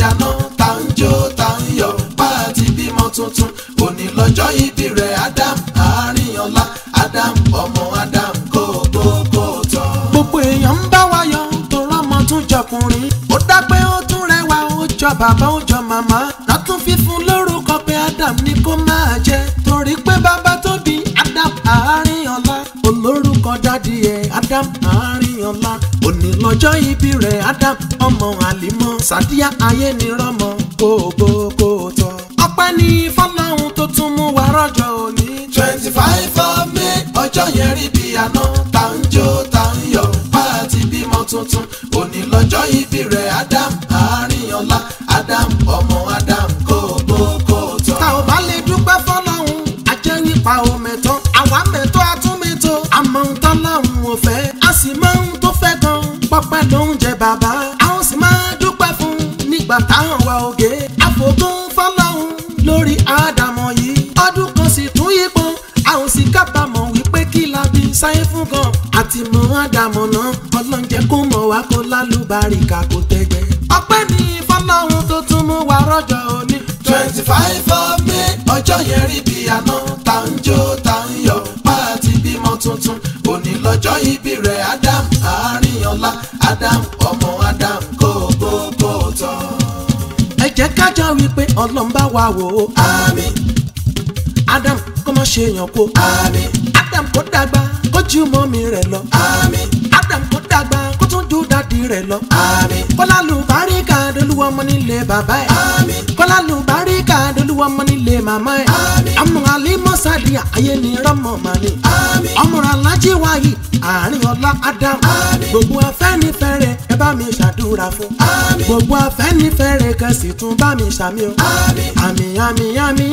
àná tá ń jó tá ń yọ̀ bá a ti bímọ tuntun òní lọ́jọ́ ìbí rẹ̀ Adam àárínyànlá Adam ọmọ Adam kó kó kó tọ́. gbogbo èèyàn ń bá wa yọ̀ tó rọ́mọ tún jọkùnrin ó dá pé ó tún rẹwà ó jọ bàbá ó jọ màmá náà tún fífún lórúkọ pé Adam ni kó máa jẹ torí pé bàbá tó bí Adam àárínyànlá olórúkọ dádì ẹ̀ Adam àárínyànlá ọjọ́ ibi rẹ̀ Adam ọmọ àlìmọ́ sàdíà ayé ni rọ́mọ kóògbó kóòtọ́. ọpẹ́ ni fọlọ́run tó tún mú wa rọ́jọ́ òní. twenty five of May ọjọ́ yẹn rí bí àná tá ń jó tá ń yọ̀ bá a ti bímọ tuntun òní lọ́jọ́ ibi rẹ̀ Adam. dúpẹ́ ló ń jẹ bàbá a ó sì máa dúpẹ́ fún nígbà táwọn wa ògè àfògùn fọlọ́hún lórí àdàmọ̀ yìí ọdún kan sì tún yípo a ó sì kábàámọ̀ wípé kí la bí sáyé fún gan àti mọ̀ àdàmọ̀ náà ọlọ́njẹ kó mọ̀ wá kó lálùbáríkà kó tẹ́gbẹ́. ọpẹ́ ni fọlọ́hún tó tún mú wa rọ́jọ́ òní. twenty five of may ọjọ́ yẹn rí bí àná. Adam ọmọ Adam kó bó bó tán. ẹ jẹ́ kájọ wípé Ọlọ́run bá wa wò ó. àmín. Adam kó má ṣe yàn kó. àmín. Adam kó dàgbà kó ju mọ́mí rẹ̀ lọ. àmín. Adam kó dàgbà kó tún ju dádì rẹ̀ lọ. àmín. kọ́lá lu báríkà dolúwa ọmọ nílé bàbá ẹ̀. Ami kọ́lá lu báríkà dolúwa ọmọ nílé màmá ẹ̀. àmín. amúhalí ayé ni rọ́mọ̀ màní. àmín. ọmọ alájí wáyé àárín ọlá adam gbogbo afẹ́nifẹ́re ẹ bá mi ṣàdúrà fún gbogbo afẹ́nifẹ́re kẹsì tún bá mi ṣàmì o àmì àmì àmì.